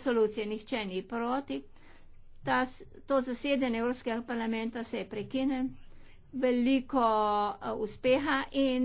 resolucije nihče ni proti. Ta, to zasedanje Evropskega parlamenta se je prekinjen. Veliko uh, uspeha in